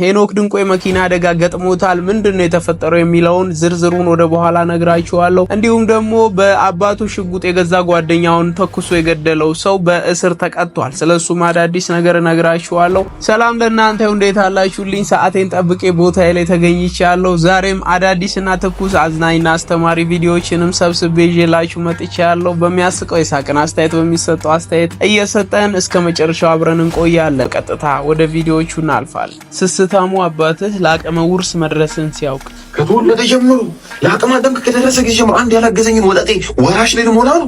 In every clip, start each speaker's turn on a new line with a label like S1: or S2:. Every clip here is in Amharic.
S1: ሄኖክ ድንቆ የመኪና አደጋ ገጥሞታል። ምንድነው የተፈጠረው የሚለውን ዝርዝሩን ወደ በኋላ ነግራችኋለሁ። እንዲሁም ደግሞ በአባቱ ሽጉጥ የገዛ ጓደኛውን ተኩሶ የገደለው ሰው በእስር ተቀጥቷል። ስለሱም አዳዲስ ነገር ነግራችኋለሁ። ሰላም ለእናንተ እንዴት አላችሁልኝ? ሰዓቴን ጠብቄ ቦታ ላይ ተገኝቻለሁ። ዛሬም አዳዲስና ትኩስ አዝናኝና አስተማሪ ቪዲዮዎችንም ሰብስቤ ይዤላችሁ መጥቻለሁ። በሚያስቀው የሳቅን አስተያየት በሚሰጠው አስተያየት እየሰጠን እስከ መጨረሻው አብረን እንቆያለን። ቀጥታ ወደ ቪዲዮዎቹ እናልፋለን። ስታሙ አባትህ ለአቅመ ውርስ መድረስን ሲያውቅ
S2: ከተወለደ ጀምሮ ለአቅመ አዳም ከደረሰ ጊዜ ጀምሮ አንድ ያላገዘኝን ወጣጤ ወራሽ ላይ ልሞላ ነው።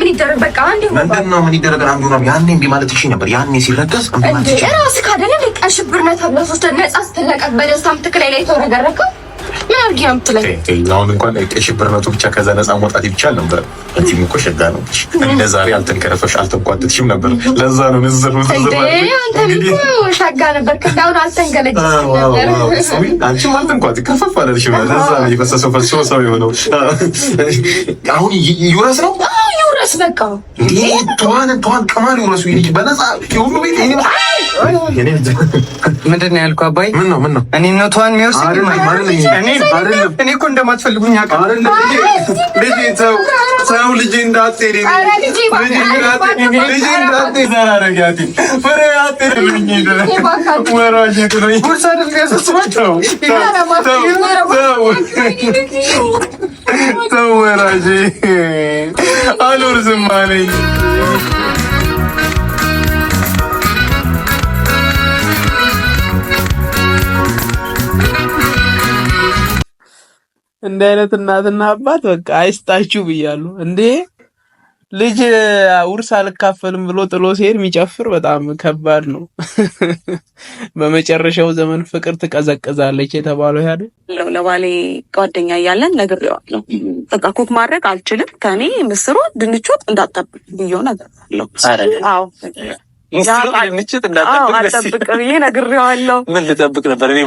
S2: ምን ይደረግ በቃ ምንድን ነው ምን ይደረግ አንዱ ያኔ እምቢ ማለት ይችል ነበር። ያኔ ሲረገዝ
S3: ራስ ካደለ ሽብርነት አብላ ሶስት ነጻ ስትለቀቅ በደስታም ትክላይ ላይ ተወረገረከው አድርጊ ምትለኝ
S2: አሁን እንኳን ሽብር ብቻ ከዛ ነፃ መውጣት ይቻል ነበር። እዚህም እኮ ሸጋ ነው። እንደ ዛሬ አልተንከረፈሽ አልተንቋጥጥሽም ነበር። ለዛ ነው ንዝር
S3: ንዝር ማለት ነው። ሸጋ ነበር። ከዳሁን አልተንገለጅ
S2: አንቺም አልተንቋጥ ከፈፍ አለልሽ። ለዛ ነው የፈሰሰው ፈሶ ሰው የሆነው አሁን ዩረስ ነው ጨርስ በቃ ተዋን ተዋን ቀማል ይሆነ ሰው በነፃ ሁሉ ቤት
S1: ምንድን ነው ያልኩህ? አባይ ምን ነው ምን ነው እኔ ነው ተዋን የሚወስድ እኔ እኮ እንደማትፈልጉኝ
S2: አውቃለሁ። ልጄ ተው ሰው ልጄ እንዳትሄድ ልጄ ተወራጅ አሉር ዝማኔ
S1: እንዲህ አይነት እናትና አባት በቃ አይስጣችሁ ብያሉ እንዴ። ልጅ ውርስ አልካፈልም ብሎ ጥሎ ሲሄድ የሚጨፍር በጣም ከባድ ነው። በመጨረሻው ዘመን ፍቅር ትቀዘቅዛለች የተባለው ያለ
S3: ለባሌ ጓደኛ እያለን ነግሬዋለሁ። በቃ ኩክ ማድረግ አልችልም ከኔ ምስሮ ድንች ወጥ እንዳጠብቅ ብዬ ነግሬዋለሁ። አዎ
S2: ምስሮ ድንች
S3: እንዳጠብቅ ብዬ ነግሬዋለሁ።
S2: ምን ልጠብቅ ነበር እኔ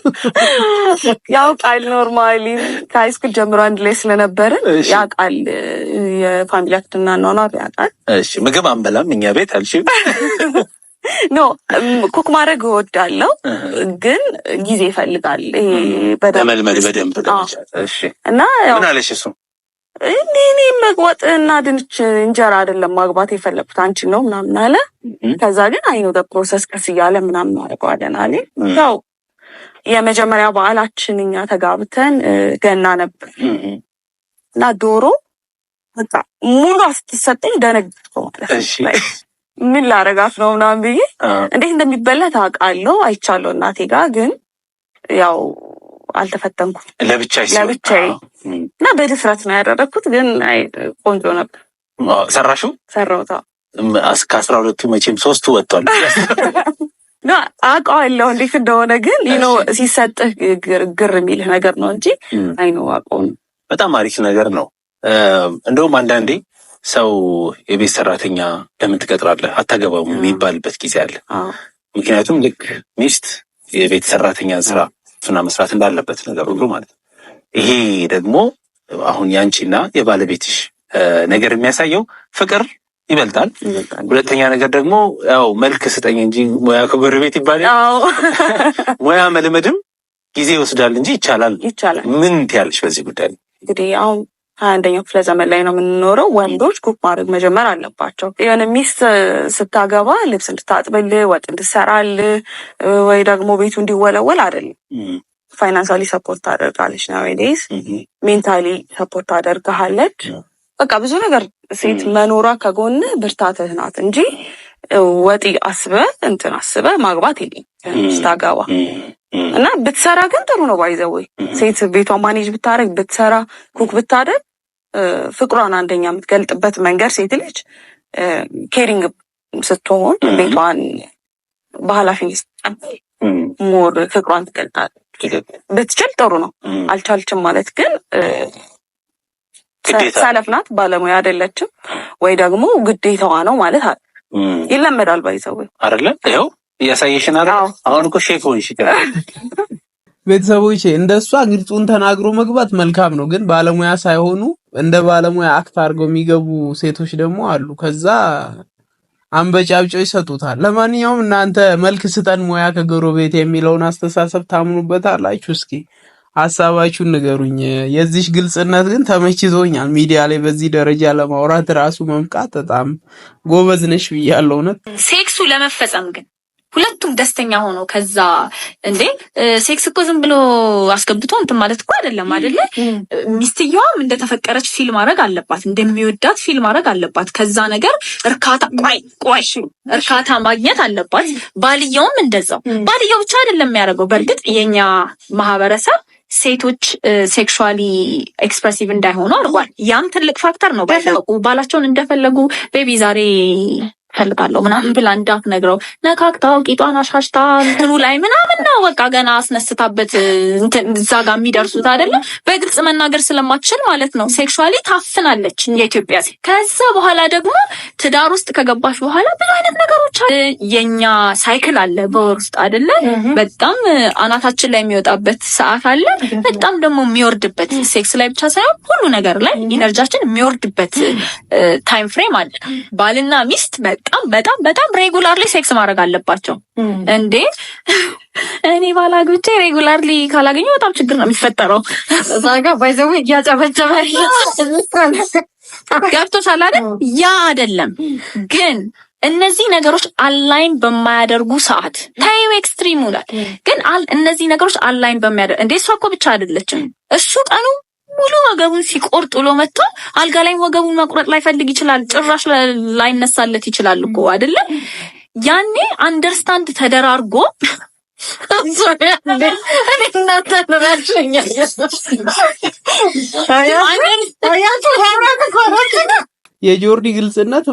S3: ያውቃል። ኖርማሊ ከሃይስኩል ጀምሮ አንድ ላይ ስለነበርን ያውቃል። የፋሚሊያችንን አኗኗር ያውቃል።
S2: ምግብ አንበላም እኛ ቤት አልሽ።
S3: ኖ ኩክ ማድረግ እወዳለሁ፣ ግን ጊዜ ይፈልጋል።
S2: ለመልመድ በደንብ እና ምን አለሽ እሱ
S3: እኔ መግባት እና ድንች እንጀራ አይደለም ማግባት የፈለግኩት አንቺ ነው ምናምን አለ። ከዛ ግን አይኖ ፕሮሰስ ቀስ እያለ ምናምን አድርገዋለን አለ ያው የመጀመሪያ በዓላችን እኛ ተጋብተን ገና ነበር እና ዶሮ በቃ ሙሉ ስትሰጠኝ ደነገጥኩ ማለት ምን ላረጋት ነው ምናምን ብዬ እንዴት እንደሚበላ ታውቃለሁ፣ አይቻለሁ እናቴ ጋር ግን ያው አልተፈተንኩም እና በድፍረት ነው ያደረግኩት። ግን ቆንጆ ነበር። ሰራሹ ሰራውታ
S2: ከአስራ ሁለቱ መቼም ሶስቱ ወጥቷል።
S3: አውቀዋለሁ እንዴት እንደሆነ ግን ነው ሲሰጥህ ግር የሚልህ ነገር ነው እንጂ አይኖ አውቀው
S2: በጣም አሪፍ ነገር ነው። እንደውም አንዳንዴ ሰው የቤት ሰራተኛ ለምን ትቀጥራለህ አታገባውም የሚባልበት ጊዜ አለ። ምክንያቱም ልክ ሚስት የቤት ሰራተኛ ስራ ፍና መስራት እንዳለበት ነገር ሁሉ ማለት ነው። ይሄ ደግሞ አሁን ያንቺና የባለቤትሽ ነገር የሚያሳየው ፍቅር ይበልጣል። ሁለተኛ ነገር ደግሞ ያው መልክ ስጠኝ እንጂ ሙያ ከጎረቤት
S3: ይባላል።
S2: ሙያ መልመድም ጊዜ ይወስዳል እንጂ ይቻላል። ምን ትያለሽ በዚህ ጉዳይ?
S3: እንግዲህ ያው ሀያ አንደኛው ክፍለ ዘመን ላይ ነው የምንኖረው። ወንዶች ኩክ ማድረግ መጀመር አለባቸው። የሆነ ሚስት ስታገባ ልብስ እንድታጥብልህ፣ ወጥ እንድትሰራልህ ወይ ደግሞ ቤቱ እንዲወለወል አይደለም። ፋይናንሳሊ ሰፖርት ታደርጋለች ነው ዴስ ሜንታሊ ሰፖርት ታደርግሃለች። በቃ ብዙ ነገር ሴት መኖሯ ከጎን ብርታትህ ናት እንጂ ወጢ አስበ እንትን አስበ ማግባት የለኝ ስታገባ እና ብትሰራ ግን ጥሩ ነው። ባይዘወይ ሴት ቤቷ ማኔጅ ብታደርግ ብትሰራ ኩክ ብታደርግ ፍቅሯን አንደኛ የምትገልጥበት መንገድ ሴት ልጅ ኬሪንግ ስትሆን ቤቷን በኃላፊነት ስትቀበል ሞር ፍቅሯን ትገልጣለች። ብትችል ጥሩ ነው። አልቻልችም ማለት ግን ሰነፍ ናት፣ ባለሙያ አይደለችም ወይ ደግሞ ግዴታዋ ነው ማለት አለ ይለመዳል። ባይዘው
S2: አይደለም ይኸው እያሳየሽን አ አሁን እኮ ሼክ ሆንሽ
S1: ቤተሰቦቼ እንደ እሷ ግልጹን ተናግሮ መግባት መልካም ነው፣ ግን ባለሙያ ሳይሆኑ እንደ ባለሙያ አክት አድርገው የሚገቡ ሴቶች ደግሞ አሉ። ከዛ አንበጫብጮ ይሰጡታል። ለማንኛውም እናንተ መልክ ስጠን ሙያ ከጎረቤት የሚለውን አስተሳሰብ ታምኑበታላችሁ? እስኪ ሀሳባችሁን ንገሩኝ። የዚሽ ግልጽነት ግን ተመችቶኛል። ሚዲያ ላይ በዚህ ደረጃ ለማውራት ራሱ መምቃት በጣም ጎበዝ ነሽ ብያለሁ። እውነት
S3: ሴክሱ ለመፈጸም ግን ሁለቱም ደስተኛ ሆኖ ከዛ እንዴ ሴክስ እኮ ዝም ብሎ አስገብቶ እንትን ማለት እኮ አይደለም አይደለ? ሚስትየዋም እንደተፈቀረች ፊል ማድረግ አለባት፣ እንደሚወዳት ፊል ማድረግ አለባት። ከዛ ነገር እርካታ ቆይ ቆይ እርካታ ማግኘት አለባት። ባልየውም እንደዛው። ባልየው ብቻ አይደለም የሚያደርገው። በእርግጥ የኛ ማህበረሰብ ሴቶች ሴክሹዋሊ ኤክስፕሬሲቭ እንዳይሆኑ አድርጓል። ያም ትልቅ ፋክተር ነው። ባላቸውን እንደፈለጉ ቤቢ ዛሬ ፈልጋለሁ ምናምን ብላ እንዳትነግረው ነካክታው ቂጧን አሻሽታ እንትኑ ላይ ምናምን ነው በቃ ገና አስነስታበት እዛ ጋር የሚደርሱት አይደለም። በግልጽ መናገር ስለማትችል ማለት ነው ሴክሹዋሊ ታፍናለች የኢትዮጵያ ሴት። ከዛ በኋላ ደግሞ ትዳር ውስጥ ከገባች በኋላ ብዙ አይነት ነገሮች የኛ ሳይክል አለ በወር ውስጥ አይደለ? በጣም አናታችን ላይ የሚወጣበት ሰዓት አለ፣ በጣም ደግሞ የሚወርድበት ሴክስ ላይ ብቻ ሳይሆን ሁሉ ነገር ላይ ኢነርጃችን የሚወርድበት ታይም ፍሬም አለ። ባልና ሚስት በጣም በጣም በጣም ሬጉላርሊ ሴክስ ማድረግ አለባቸው እንዴ! እኔ ባላግብቼ ሬጉላርሊ ካላገኘ በጣም ችግር ነው የሚፈጠረው። እዛ ጋር ባይዘው እያጨበጨበ ገብቶሻል አይደል? ያ አይደለም ግን እነዚህ ነገሮች አላይን በማያደርጉ ሰዓት ታይም ኤክስትሪም ይላል። ግን እነዚህ ነገሮች አላይን በሚያደርግ እንዴ እሷ እኮ ብቻ አይደለችም እሱ ቀኑ ሙሉ ወገቡን ሲቆርጥ ሎ መጥቶ አልጋ ላይም ወገቡን መቁረጥ ላይፈልግ ይችላል። ጭራሽ ላይነሳለት ይችላል እኮ አይደለ? ያኔ አንደርስታንድ ተደራርጎ እናተራሽኛ
S1: የጆርዲ ግልጽነት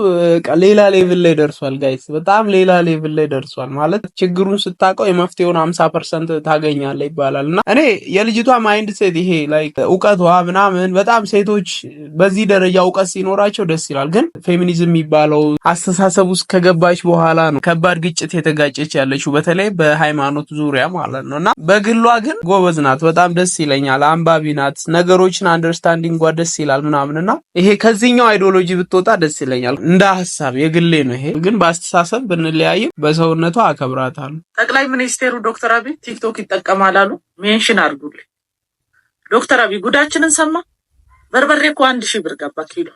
S1: ሌላ ሌቭል ላይ ደርሷል። ጋይስ በጣም ሌላ ሌቭል ላይ ደርሷል። ማለት ችግሩን ስታውቀው የመፍትሄውን ሀምሳ ፐርሰንት ታገኛለ ይባላል እና እኔ የልጅቷ ማይንድ ሴት ይሄ ላይ እውቀቷ ምናምን በጣም ሴቶች በዚህ ደረጃ እውቀት ሲኖራቸው ደስ ይላል። ግን ፌሚኒዝም የሚባለው አስተሳሰብ ውስጥ ከገባች በኋላ ነው ከባድ ግጭት የተጋጨች ያለችው በተለይ በሃይማኖት ዙሪያ ማለት ነው እና በግሏ ግን ጎበዝ ናት። በጣም ደስ ይለኛል። አንባቢ ናት። ነገሮችን አንደርስታንዲንጓ ደስ ይላል ምናምን እና ይሄ ከዚህኛው አይዲዮሎጂ ብትወጣ ደስ ይለኛል። እንደ ሀሳብ የግሌ ነው ይሄ ግን በአስተሳሰብ ብንለያይም በሰውነቷ አከብራታለሁ።
S3: ጠቅላይ ሚኒስቴሩ ዶክተር አብይ ቲክቶክ ይጠቀማል አሉ። ሜንሽን አድርጉልኝ። ዶክተር አብይ ጉዳችንን ሰማ። በርበሬ እኮ አንድ ሺህ ብር ገባ ኪሎ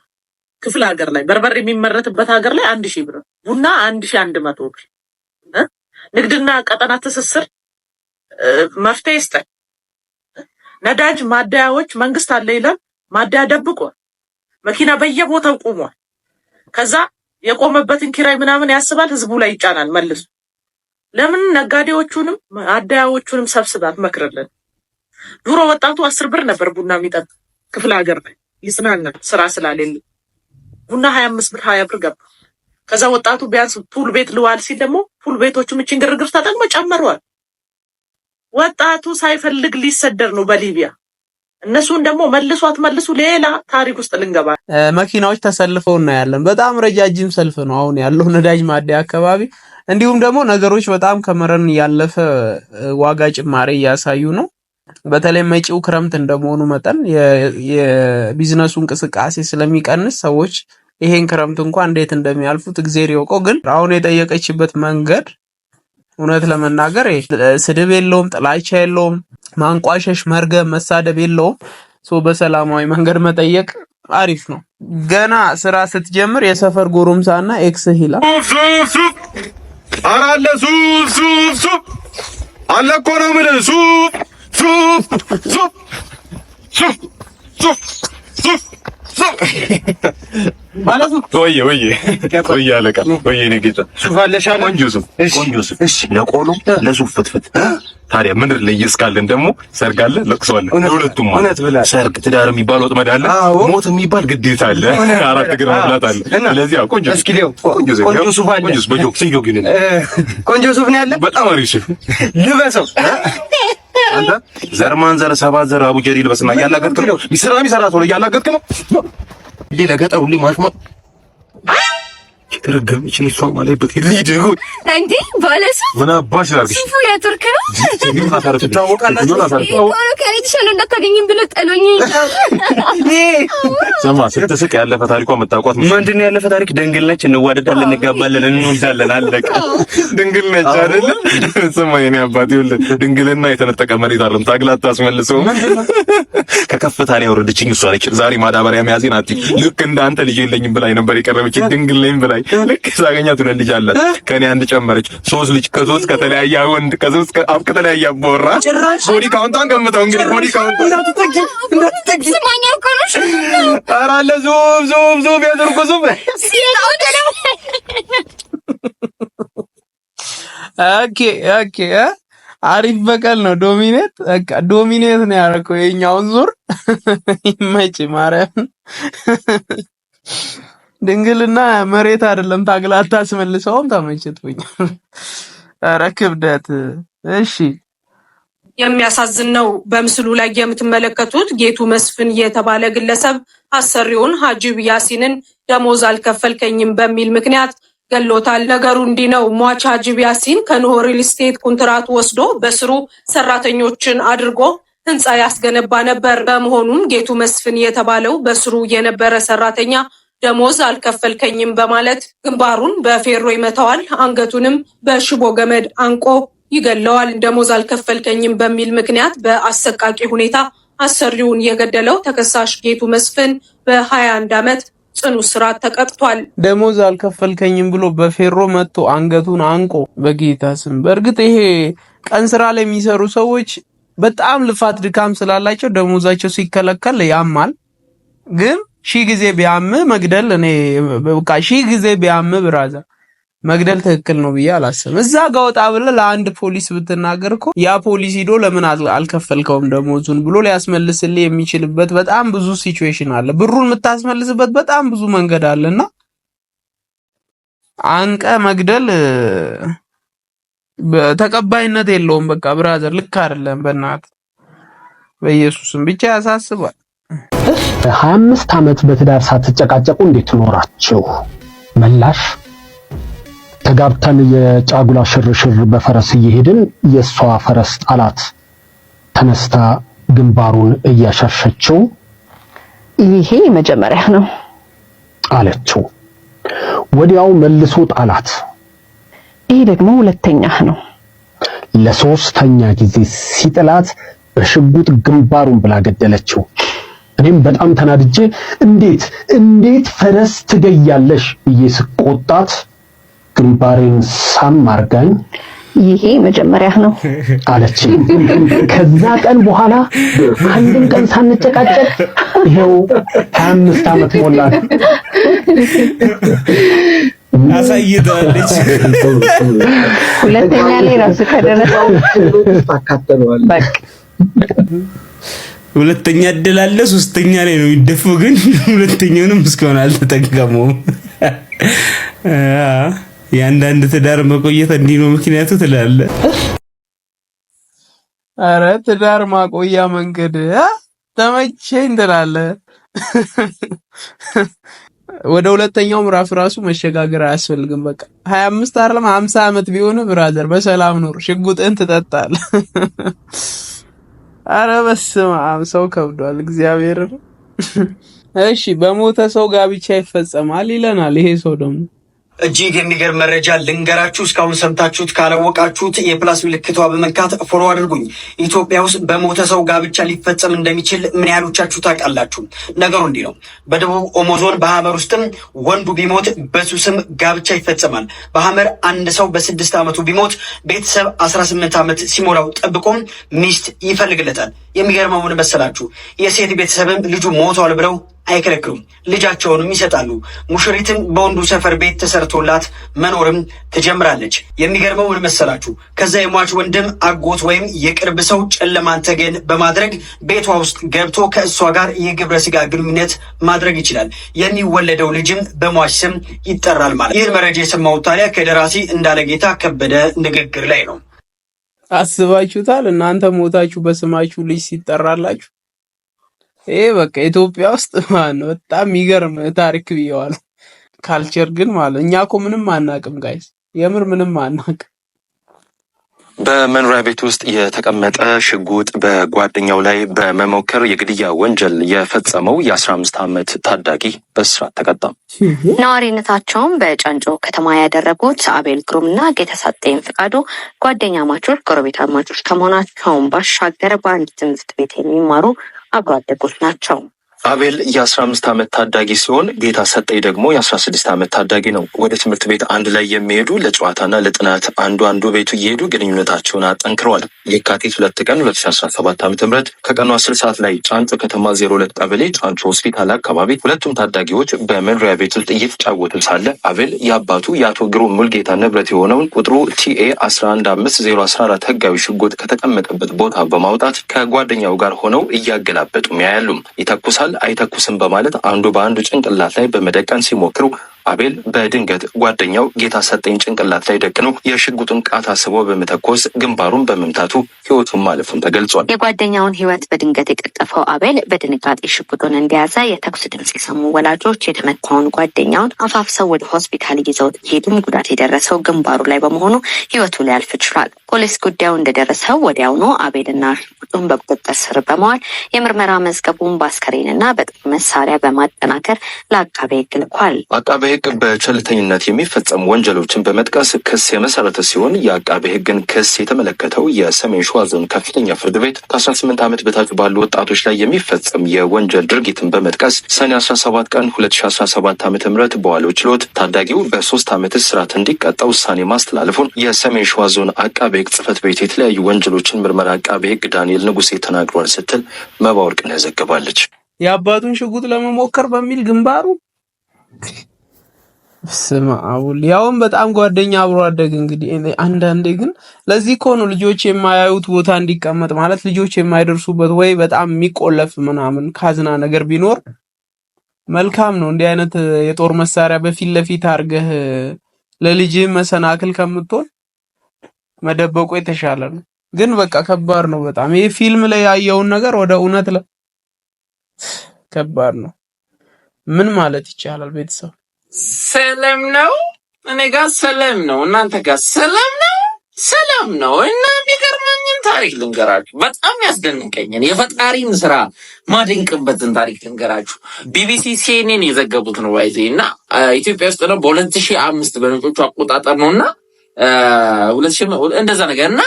S3: ክፍለ ሀገር ላይ በርበሬ የሚመረትበት ሀገር ላይ አንድ ሺህ ብር፣ ቡና አንድ ሺህ አንድ መቶ ብር። ንግድና ቀጠና ትስስር መፍትሄ ይስጠን። ነዳጅ ማደያዎች መንግስት አለ ይላል ማደያ ደብቋል መኪና በየቦታው ቆሟል። ከዛ የቆመበትን ኪራይ ምናምን ያስባል፣ ህዝቡ ላይ ይጫናል መልሱ። ለምን ነጋዴዎቹንም አዳያዎቹንም ሰብስባት መክርልን። ድሮ ወጣቱ አስር ብር ነበር ቡና የሚጠጥ ክፍለ ሀገር ላይ ይጽናናል፣ ስራ ስላሌለ ቡና ሀያ አምስት ብር ሀያ ብር ገባ። ከዛ ወጣቱ ቢያንስ ፑል ቤት ልዋል ሲል ደግሞ ፑል ቤቶቹ ምችን ግርግር ተጠቅመ ጨመረዋል። ወጣቱ ሳይፈልግ ሊሰደር ነው በሊቢያ እነሱን ደግሞ መልሱ አትመልሱ ሌላ ታሪክ ውስጥ ልንገባ።
S1: መኪናዎች ተሰልፈው እናያለን። በጣም ረጃጅም ሰልፍ ነው አሁን ያለው ነዳጅ ማደያ አካባቢ። እንዲሁም ደግሞ ነገሮች በጣም ከመረን ያለፈ ዋጋ ጭማሪ እያሳዩ ነው። በተለይ መጪው ክረምት እንደመሆኑ መጠን የቢዝነሱ እንቅስቃሴ ስለሚቀንስ ሰዎች ይሄን ክረምት እንኳን እንዴት እንደሚያልፉት እግዜር ይወቀው። ግን አሁን የጠየቀችበት መንገድ እውነት ለመናገር ስድብ የለውም፣ ጥላቻ የለውም። ማንቋሸሽ፣ መርገም፣ መሳደብ የለውም። ሶ በሰላማዊ መንገድ መጠየቅ አሪፍ ነው። ገና ስራ ስትጀምር የሰፈር ጎረምሳና ኤክስ ሂላ
S2: አራለ ሱፍ ሱፍ ሱፍ አለ እኮ ነው የምልህ ሱፍ ሱፍ ሱፍ ሱፍ ሱፍ ወይ ወይ ወይ አለቃ ወይ ንግጣ ሱፍ አለሻለ ቆንጆ ሱፍ ቆንጆ ሱፍ። እሺ ለቆሎ ለሱፍ ፍትፍት። ታዲያ ምድር ላይ እስካለን ደግሞ ሰርግ አለ፣ ለቅሶ አለ። ለሁለቱም ማለት ሰርግ፣ ትዳር የሚባል ወጥመድ አለ፣ ሞት የሚባል ግዴታ አለ፣ አራት እግር መብላት አለ። ስለዚህ ቆንጆ
S3: እስኪ ሊው ቆንጆ ሱፍ ቆንጆ ሱፍ አለ። ቆንጆ ሱፍ ነው ያለ።
S2: በጣም አሪፍ ልበሰው አንተ ዘር ማንዘር ሰባት ዘር አቡጀሪ ልበስና እያላገጥክ ነው። ቢሰራ ቢሰራ ሰው እያላገጥክ ነው። ለገጠሩ ማሽማ የተረገመች እሷ ማለት በጤል ልጅ ይሁን
S3: እንዴ? ባለሱ ምን አባሽ ላርግሽ? ሲፉ የቱርክ ነው
S2: ታወቃላችሁ። ስትስቅ ያለፈ ታሪኳ መጣቋት
S1: ምንድን ነው? ያለፈ ታሪክ ድንግል ነች። እንዋደዳለን፣ እንጋባለን፣ እንወልዳለን። አለቀ። ድንግል ነች አይደለ? ስማ የኔ አባት ይኸውልህ፣ ድንግልና የተነጠቀ መሬት አለም ታግላ አታስመልሰው።
S2: ከከፍታ ላይ ያወረደችኝ እሷ ነች። ዛሬ ማዳበሪያ መያዜን አትይ። ልክ እንዳንተ ልጅ የለኝም ብላኝ ነበር የቀረበችኝ። ድንግል ነኝ ብላኝ ላይ ልክ ሳገኛት ሁለት ልጅ አላት። ከኔ አንድ ጨመረች፣ ሶስት ልጅ ከሶስት ከተለያየ ወንድ ከሶስት አፍ ከተለያየ አባወራ ቦዲ ካውንቷን ገምተው እንግዲህ ቦዲ ካውንት ዙብ ዙብ ዙብ ዙብ
S1: ኦኬ ኦኬ አሪፍ በቀል ነው። ዶሚኔት በቃ ዶሚኔት ነው ያደረገው የኛውን ዙር ይመጪ ማርያም ድንግልና መሬት አይደለም ታግላ አታስመልሰውም። ተመችቶኛል። ኧረ ክብደት! እሺ
S3: የሚያሳዝን ነው። በምስሉ ላይ የምትመለከቱት ጌቱ መስፍን የተባለ ግለሰብ አሰሪውን ሀጂብ ያሲንን ደሞዝ አልከፈልከኝም በሚል ምክንያት ገሎታል። ነገሩ እንዲህ ነው። ሟች ሀጂብ ያሲን ከኖህ ሪል ስቴት ኮንትራት ወስዶ በስሩ ሰራተኞችን አድርጎ ህንፃ ያስገነባ ነበር። በመሆኑም ጌቱ መስፍን የተባለው በስሩ የነበረ ሰራተኛ ደሞዝ አልከፈልከኝም በማለት ግንባሩን በፌሮ ይመታዋል። አንገቱንም በሽቦ ገመድ አንቆ ይገለዋል። ደሞዝ አልከፈልከኝም በሚል ምክንያት በአሰቃቂ ሁኔታ አሰሪውን የገደለው ተከሳሽ ጌቱ መስፍን በ21 ዓመት ጽኑ እስራት ተቀጥቷል።
S1: ደሞዝ አልከፈልከኝም ብሎ በፌሮ መጥቶ አንገቱን አንቆ በጌታ ስም። በእርግጥ ይሄ ቀን ስራ ላይ የሚሰሩ ሰዎች በጣም ልፋት ድካም ስላላቸው ደሞዛቸው ሲከለከል ያማል ግን ሺህ ጊዜ ቢያም መግደል እኔ በቃ ሺህ ጊዜ ቢያም ብራዘር መግደል ትክክል ነው ብዬ አላስብም። እዛ ጋር ወጣ ብለህ ለአንድ ፖሊስ ብትናገር እኮ ያ ፖሊስ ሂዶ ለምን አልከፈልከውም ደሞዙን ብሎ ሊያስመልስልህ የሚችልበት በጣም ብዙ ሲቹዌሽን አለ። ብሩን የምታስመልስበት በጣም ብዙ መንገድ አለና አንቀ መግደል ተቀባይነት የለውም። በቃ ብራዘር ልክ አይደለም። በእናትህ በኢየሱስም ብቻ ያሳስባል።
S2: 25 ዓመት በትዳር ሳትጨቃጨቁ እንዴት ኖራችሁ? ምላሽ ተጋብተን የጫጉላ ሽርሽር በፈረስ እየሄድን የእሷ ፈረስ ጣላት፣ ተነስታ ግንባሩን እያሻሸችው
S3: ይሄ መጀመሪያ ነው
S2: አለችው። ወዲያው መልሶ ጣላት።
S3: ይሄ ደግሞ ሁለተኛ ነው።
S2: ለሶስተኛ ጊዜ ሲጥላት በሽጉጥ ግንባሩን ብላ ገደለችው። እኔም በጣም ተናድጄ እንዴት እንዴት ፈረስ ትገያለሽ ብዬ ስቆጣት ግንባሬን ሳም አርጋኝ
S3: ይሄ መጀመሪያ ነው
S2: አለች። ከዛ ቀን በኋላ አንድም ቀን ሳንጨቃጨቅ ይሄው ሀያ አምስት ዓመት ሞላል።
S3: ሁለተኛ ላይ ራሱ ከደረሰው ታካተለዋል።
S1: ሁለተኛ እድል አለ። ሶስተኛ ላይ ነው የሚደፋው፣ ግን ሁለተኛውንም እስካሁን አልተጠቀመውም። የአንዳንድ ትዳር መቆየት እንዲህ ነው ምክንያቱ ትላለህ። አረ ትዳር ማቆያ መንገድ ተመቼኝ ትላለ ወደ ሁለተኛው ምዕራፍ ራሱ መሸጋገር አያስፈልግም። በቃ 25 አይደለም 50 ዓመት ቢሆን ብራዘር በሰላም ኑር፣ ሽጉጥን ትጠጣለህ። አረ በስመ አብ ሰው ከብዷል። እግዚአብሔር እሺ፣ በሞተ ሰው ጋብቻ ይፈጸማል ይለናል። ይሄ ሰው ደግሞ
S2: እጅግ የሚገርም መረጃ ልንገራችሁ። እስካሁን ሰምታችሁት ካላወቃችሁት የፕላስ ምልክቷ በመንካት ፎሎ አድርጉኝ። ኢትዮጵያ ውስጥ በሞተ ሰው ጋብቻ ሊፈጸም እንደሚችል ምን ያህሎቻችሁ ታውቃላችሁ? ነገሩ እንዲህ ነው። በደቡብ ኦሞ ዞን በሐመር ውስጥም ወንዱ ቢሞት በሱ ስም ጋብቻ ይፈጸማል። በሐመር አንድ ሰው በስድስት ዓመቱ ቢሞት ቤተሰብ አስራ ስምንት ዓመት ሲሞላው ጠብቆም ሚስት ይፈልግለታል። የሚገርመውን መሰላችሁ የሴት ቤተሰብም ልጁ ሞቷል ብለው አይከለክሉም። ልጃቸውንም ይሰጣሉ። ሙሽሪትም በወንዱ ሰፈር ቤት ተሰርቶላት መኖርም ትጀምራለች። የሚገርመው ምን መሰላችሁ? ከዛ የሟች ወንድም አጎት ወይም የቅርብ ሰው ጨለማን ተገን በማድረግ ቤቷ ውስጥ ገብቶ ከእሷ ጋር የግብረ ስጋ ግንኙነት ማድረግ ይችላል። የሚወለደው ልጅም በሟች ስም ይጠራል ማለት። ይህን መረጃ የሰማሁት ታዲያ ከደራሲ እንዳለጌታ ከበደ ንግግር ላይ ነው።
S1: አስባችሁታል? እናንተ ሞታችሁ በስማችሁ ልጅ ሲጠራላችሁ ይሄ በቃ ኢትዮጵያ ውስጥ ማን በጣም ይገርም ታሪክ ብየዋል። ካልቸር ግን ማለት እኛ እኮ ምንም አናቅም ጋይስ፣ የምር ምንም አናቅም።
S2: በመኖሪያ ቤት ውስጥ የተቀመጠ ሽጉጥ በጓደኛው ላይ በመሞከር የግድያ ወንጀል የፈጸመው የ15 ዓመት ታዳጊ በእስራት ተቀጣ።
S3: ነዋሪነታቸውን በጫንጮ ከተማ ያደረጉት አቤል ግሩም ግሩምና ጌተሳጤን ፍቃዱ ጓደኛ ማቾች፣ ጎረቤት አማቾች ከመሆናቸውን ባሻገር በአንድ ትምህርት ቤት የሚማሩ አብሮ አደጎች ናቸው።
S2: አቤል የ15 ዓመት ታዳጊ ሲሆን ጌታ ሰጠኝ ደግሞ የ16 ዓመት ታዳጊ ነው። ወደ ትምህርት ቤት አንድ ላይ የሚሄዱ ለጨዋታና ለጥናት አንዱ አንዱ ቤቱ እየሄዱ ግንኙነታቸውን አጠንክረዋል። የካቴት ሁለት ቀን 2017 ዓ ም ከቀኑ 10 ሰዓት ላይ ጫንጮ ከተማ 02 ቀበሌ ጫንጮ ሆስፒታል አካባቢ ሁለቱም ታዳጊዎች በመኖሪያ ቤት ውስጥ እየተጫወቱ ሳለ አቤል የአባቱ የአቶ ግሩም ሙልጌታ ንብረት የሆነውን ቁጥሩ ቲኤ 115014 ህጋዊ ሽጉጥ ከተቀመጠበት ቦታ በማውጣት ከጓደኛው ጋር ሆነው እያገላበጡ ያያሉም ይተኩሳል አይተኩስም በማለት አንዱ በአንዱ ጭንቅላት ላይ በመደቀን ሲሞክሩ አቤል በድንገት ጓደኛው ጌታ ሰጠኝ ጭንቅላት ላይ ደቅኖ የሽጉጡን ቃታ አስቦ በመተኮስ ግንባሩን በመምታቱ ህይወቱን ማለፉን ተገልጿል።
S3: የጓደኛውን ህይወት በድንገት የቀጠፈው አቤል በድንጋጤ ሽጉጡን እንደያዘ የተኩስ ድምፅ የሰሙ ወላጆች የተመታውን ጓደኛውን አፋፍሰው ወደ ሆስፒታል ይዘውት ሄዱም ጉዳት የደረሰው ግንባሩ ላይ በመሆኑ ህይወቱ ሊያልፍ ችሏል። ፖሊስ ጉዳዩ እንደደረሰው ወዲያውኑ አቤልና ሽጉጡን በቁጥጥር ስር በመዋል የምርመራ መዝገቡን በአስከሬንና በጦር መሳሪያ በማጠናከር ለአቃቤ ህግ ልኳል።
S2: ህግ በቸልተኝነት የሚፈጸሙ ወንጀሎችን በመጥቀስ ክስ የመሰረተ ሲሆን የአቃቤ ህግን ክስ የተመለከተው የሰሜን ሸዋ ዞን ከፍተኛ ፍርድ ቤት ከ18 ዓመት በታች ባሉ ወጣቶች ላይ የሚፈጸም የወንጀል ድርጊትን በመጥቀስ ሰኔ 17 ቀን 2017 ዓ ም በዋለው ችሎት ታዳጊው በሶስት ዓመት እስራት እንዲቀጣ ውሳኔ ማስተላለፉን የሰሜን ሸዋ ዞን አቃቤ ህግ ጽፈት ቤት የተለያዩ ወንጀሎችን ምርመራ አቃቤ ህግ ዳንኤል ንጉሴ ተናግሯል ስትል መባወርቅ ዘግባለች።
S1: የአባቱን ሽጉጥ ለመሞከር በሚል ግንባሩ ስም አቡል ያውም በጣም ጓደኛ አብሮ አደግ። እንግዲህ አንዳንዴ ግን ለዚህ ከሆኑ ልጆች የማያዩት ቦታ እንዲቀመጥ ማለት ልጆች የማይደርሱበት ወይ በጣም የሚቆለፍ ምናምን ካዝና ነገር ቢኖር መልካም ነው። እንዲህ አይነት የጦር መሳሪያ በፊት ለፊት አድርገህ ለልጅህ መሰናክል ከምትሆን መደበቁ የተሻለ ነው። ግን በቃ ከባድ ነው በጣም ይሄ ፊልም ላይ ያየውን ነገር ወደ እውነት ከባድ ነው። ምን ማለት ይቻላል ቤተሰብ
S2: ሰላም ነው። እኔ ጋር ሰላም ነው። እናንተ ጋር ሰላም ነው። ሰላም ነው። እና የሚገርመኝን ታሪክ ልንገራችሁ። በጣም ያስደንቀኝን የፈጣሪን ስራ ማደንቅበትን ታሪክ ልንገራችሁ። ቢቢሲ ሲኤንኤን የዘገቡት ነው ባይዜ እና ኢትዮጵያ ውስጥ ነው በሁለት ሺህ አምስት በነጮቹ አቆጣጠር ነው እና ሁለት ሺህ እንደዛ ነገር እና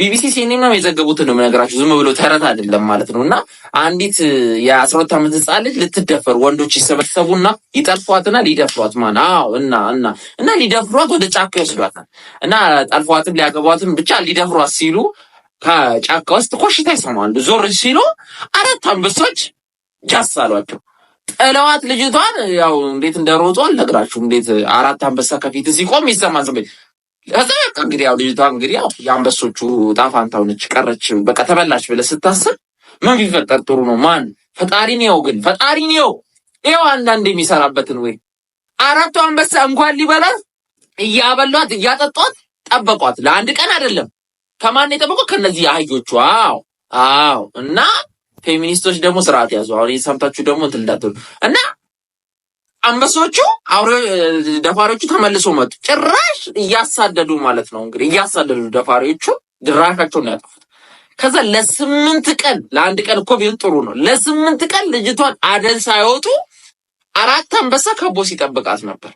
S2: ቢቢሲ ሲኔ ምናምን የዘገቡትን ነው የምነግራችሁ። ዝም ብሎ ተረት አይደለም ማለት ነው። እና አንዲት የአስራ ሁለት ዓመት ህጻን ልጅ ልትደፈር ወንዶች ይሰበሰቡና ይጠልፏትና ሊደፍሯት ማለት እና እና እና ሊደፍሯት ወደ ጫካ ይወስዷታል እና ጠልፏትም ሊያገቧትም ብቻ ሊደፍሯት ሲሉ ከጫካ ውስጥ ኮሽታ ይሰማሉ። ዞር ሲሉ አራት አንበሶች ጃሳሏቸው አሏቸው። ጥለዋት ልጅቷን ያው እንዴት እንደሮጡ አልነግራችሁም። እንዴት አራት አንበሳ ከፊት ሲቆም ይሰማ ከዛ በቃ እንግዲህ ያው ልጅቷ እንግዲህ ያው የአንበሶቹ ጣፋንታው ሆነች ቀረች። በቃ ተበላች ብለህ ስታስብ ምን ቢፈጠር ጥሩ ነው? ማን ፈጣሪ ነው? ግን ፈጣሪን ያው ይኸው አንዳንድ የሚሰራበትን ወይ አራቱ አንበሳ እንኳን ሊበላት እያበሏት እያጠጧት ጠበቋት። ለአንድ ቀን አይደለም። ከማን የጠበቋት? ከነዚህ አህዮቹ። አዎ አዎ። እና ፌሚኒስቶች ደግሞ ስርዓት ያዙ። አሁን የሰምታችሁ ደግሞ እንትን እንዳትሉ እና አንበሶቹ አውሬ ደፋሪዎቹ ተመልሶ መጡ። ጭራሽ እያሳደዱ ማለት ነው እንግዲህ እያሳደዱ ደፋሪዎቹ ድራሻቸውን ያጠፉት። ከዛ ለስምንት ቀን ለአንድ ቀን እኮ ቢሆን ጥሩ ነው። ለስምንት ቀን ልጅቷን አደን ሳይወጡ አራት አንበሳ ከቦ ሲጠብቃት ነበር።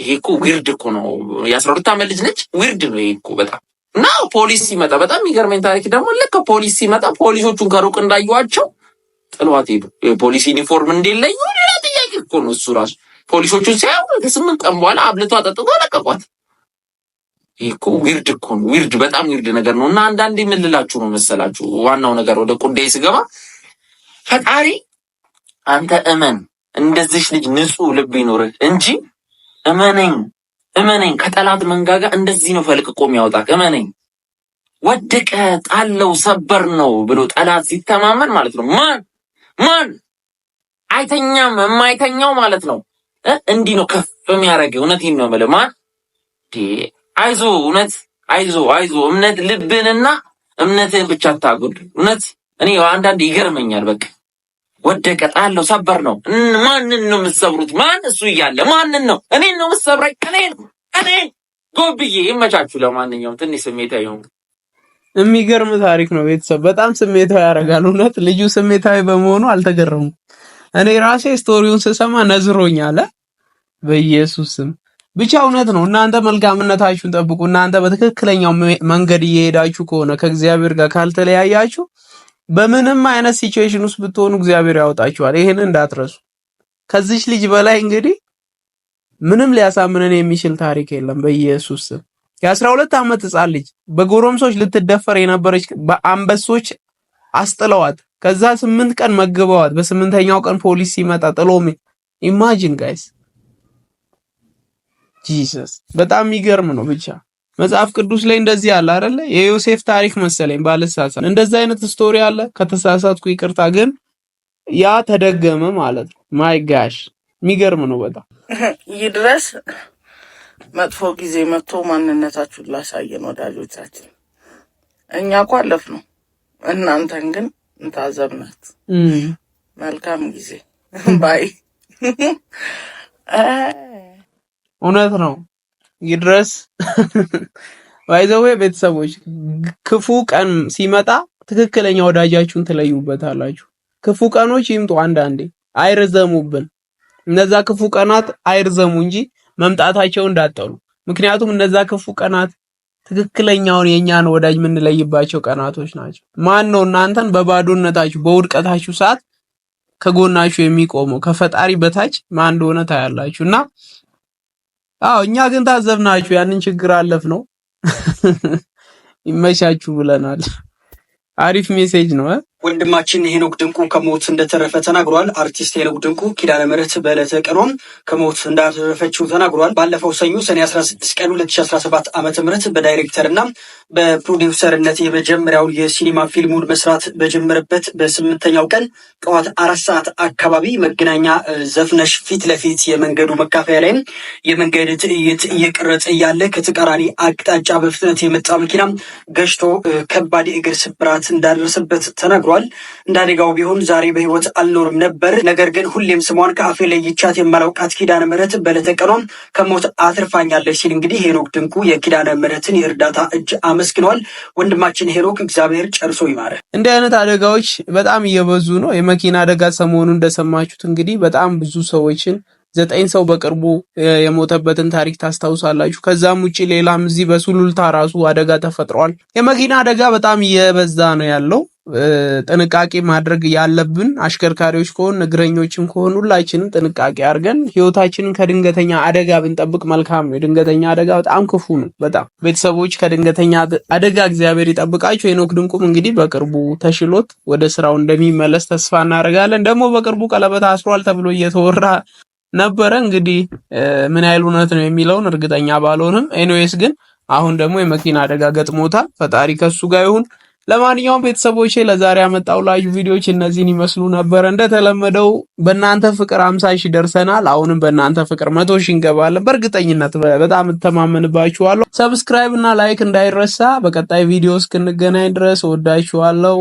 S2: ይሄ እኮ ዊርድ እኮ ነው። የአስራ ሁለት ዓመት ልጅ ነች። ዊርድ ነው ይሄ እኮ በጣም እና ፖሊስ ሲመጣ በጣም የሚገርመኝ ታሪክ ደግሞ ልክ ፖሊስ ሲመጣ ፖሊሶቹን ከሩቅ እንዳዩዋቸው ጥሏት ሄዱ። የፖሊስ ዩኒፎርም እንደለዩ ሌላ እኮ ነው እሱ ራሱ። ፖሊሶቹን ሲያዩ ከስምንት ቀን በኋላ አብልቶ አጠጥቶ ለቀቋት። ይህ እኮ ዊርድ እኮ ነው ዊርድ፣ በጣም ዊርድ ነገር ነው። እና አንዳንዴ የምልላችሁ ነው መሰላችሁ፣ ዋናው ነገር ወደ ቁዳይ ስገባ ፈጣሪ አንተ እመን እንደዚህ ልጅ ንጹህ ልብ ይኖርህ እንጂ እመነኝ እመነኝ ከጠላት መንጋጋ እንደዚህ ነው ፈልቅቆ የሚያወጣህ እመነኝ ወደቀ ጣለው ሰበር ነው ብሎ ጠላት ሲተማመን ማለት ነው ማን ማን አይተኛም። የማይተኛው ማለት ነው። እንዲህ ነው ከፍ የሚያደርገው። እውነቴን ነው የምልህ። ማን አይዞ፣ እውነት አይዞ፣ አይዞ። እምነት ልብንና እምነትን ብቻ ታጉድ እውነት እኔ አንዳንድ ይገርመኛል። በቃ ወደቀ፣ ጣለው፣ ሰበር ነው። ማንን ነው የምትሰብሩት? ማን እሱ እያለ ማንን ነው? እኔን ነው የምትሰብረኝ? እኔን እኔን። ጎብዬ ይመቻችሁ። ለማንኛውም ትንሽ ስሜታዊ ይሁን።
S1: የሚገርም ታሪክ ነው ቤተሰብ። በጣም ስሜታዊ ያደርጋል። እውነት ልጁ ስሜታዊ በመሆኑ አልተገረሙም። እኔ ራሴ ስቶሪውን ስሰማ ነዝሮኛል። በኢየሱስ ስም ብቻ እውነት ነው። እናንተ መልካምነታችሁን ጠብቁ። እናንተ በትክክለኛው መንገድ እየሄዳችሁ ከሆነ ከእግዚአብሔር ጋር ካልተለያያችሁ በምንም አይነት ሲቹዌሽን ውስጥ ብትሆኑ እግዚአብሔር ያወጣችኋል። ይሄን እንዳትረሱ። ከዚች ልጅ በላይ እንግዲህ ምንም ሊያሳምነን የሚችል ታሪክ የለም። በኢየሱስ ስም የአስራ ሁለት ዓመት ህፃን ልጅ በጎረምሶች ልትደፈር የነበረች በአንበሶች አስጥለዋት። ከዛ ስምንት ቀን መግበዋት በስምንተኛው ቀን ፖሊስ ሲመጣ ጥሎ ኢማጂን ጋይስ ጂሰስ በጣም የሚገርም ነው። ብቻ መጽሐፍ ቅዱስ ላይ እንደዚህ አለ አይደለ? የዮሴፍ ታሪክ መሰለኝ ባልሳሳ እንደዚህ አይነት ስቶሪ አለ። ከተሳሳትኩ ይቅርታ፣ ግን ያ ተደገመ ማለት ነው። ማይ ጋሽ የሚገርም ነው በጣም
S3: ይህ ድረስ መጥፎ ጊዜ መጥቶ ማንነታችሁን ላሳየን ወዳጆቻችን እኛ እኮ አለፍ ነው እናንተን ግን እንታዘብናት። መልካም ጊዜ ባይ።
S1: እውነት ነው ይድረስ። ባይዘዌ ቤተሰቦች ክፉ ቀን ሲመጣ ትክክለኛ ወዳጃችሁን ትለዩበታላችሁ። ክፉ ቀኖች ይምጡ፣ አንዳንዴ አይርዘሙብን። እነዛ ክፉ ቀናት አይርዘሙ እንጂ መምጣታቸው እንዳጠሉ። ምክንያቱም እነዛ ክፉ ቀናት ትክክለኛውን የእኛን ወዳጅ የምንለይባቸው ቀናቶች ናቸው። ማን ነው እናንተን በባዶነታችሁ በውድቀታችሁ ሰዓት ከጎናችሁ የሚቆመው? ከፈጣሪ በታች ማን እንደሆነ ታያላችሁ። እና አዎ እኛ ግን ታዘብናችሁ፣ ያንን ችግር አለፍ ነው ይመቻችሁ ብለናል። አሪፍ ሜሴጅ ነው።
S2: ወንድማችን ሄኖክ ድንቁ ከሞት እንደተረፈ ተናግሯል። አርቲስት ሄኖክ ድንቁ ኪዳነ ምሕረት በዕለተ ቀኗም ከሞት እንዳተረፈችው ተናግሯል። ባለፈው ሰኞ ሰኔ 16 ቀን 2017 ዓ ም በዳይሬክተርና በፕሮዲውሰርነት የመጀመሪያውን የሲኒማ ፊልሙን መስራት በጀመረበት በስምንተኛው ቀን ጠዋት አራት ሰዓት አካባቢ መገናኛ ዘፍነሽ ፊት ለፊት የመንገዱ መካፈያ ላይም የመንገድ ትዕይንት እየቀረጸ እያለ ከተቃራኒ አቅጣጫ በፍጥነት የመጣ መኪና ገጭቶ ከባድ የእግር ስብራት እንዳደረሰበት ተናግሯል። ተናግሯል። እንደ አደጋው ቢሆን ዛሬ በህይወት አልኖርም ነበር፣ ነገር ግን ሁሌም ስሟን ከአፌ ለይቻት የማላውቃት ኪዳነ ምሕረት በዕለተ ከሞት አትርፋኛለች ሲል እንግዲህ ሄኖክ ድንቁ የኪዳነ ምሕረትን የእርዳታ እጅ አመስግኗል። ወንድማችን ሄኖክ እግዚአብሔር ጨርሶ ይማረ።
S1: እንዲህ አይነት አደጋዎች በጣም እየበዙ ነው። የመኪና አደጋ ሰሞኑ እንደሰማችሁት እንግዲህ በጣም ብዙ ሰዎችን ዘጠኝ ሰው በቅርቡ የሞተበትን ታሪክ ታስታውሳላችሁ። ከዛም ውጭ ሌላም እዚህ በሱሉልታ ራሱ አደጋ ተፈጥሯል። የመኪና አደጋ በጣም እየበዛ ነው ያለው። ጥንቃቄ ማድረግ ያለብን አሽከርካሪዎች ከሆን እግረኞችም ከሆን ሁላችንም ጥንቃቄ አድርገን ህይወታችንን ከድንገተኛ አደጋ ብንጠብቅ መልካም ነው። የድንገተኛ አደጋ በጣም ክፉ ነው። በጣም ቤተሰቦች ከድንገተኛ አደጋ እግዚአብሔር ይጠብቃቸው። ሄኖክ ድንቁም እንግዲህ በቅርቡ ተሽሎት ወደ ስራው እንደሚመለስ ተስፋ እናደርጋለን። ደግሞ በቅርቡ ቀለበት አስሯል ተብሎ እየተወራ ነበረ። እንግዲህ ምን ያህል እውነት ነው የሚለውን እርግጠኛ ባልሆንም፣ ኤኒዌይስ ግን አሁን ደግሞ የመኪና አደጋ ገጥሞታል። ፈጣሪ ከሱ ጋር ይሁን። ለማንኛውም ቤተሰቦች ለዛሬ ያመጣሁላችሁ ቪዲዮዎች እነዚህን ይመስሉ ነበር። እንደተለመደው በእናንተ ፍቅር አምሳ ሺህ ደርሰናል። አሁንም በእናንተ ፍቅር መቶ ሺህ እንገባለን በእርግጠኝነት በጣም እተማመንባችኋለሁ። ሰብስክራይብ እና ላይክ እንዳይረሳ። በቀጣይ ቪዲዮ እስክንገናኝ ድረስ ወዳችኋለሁ።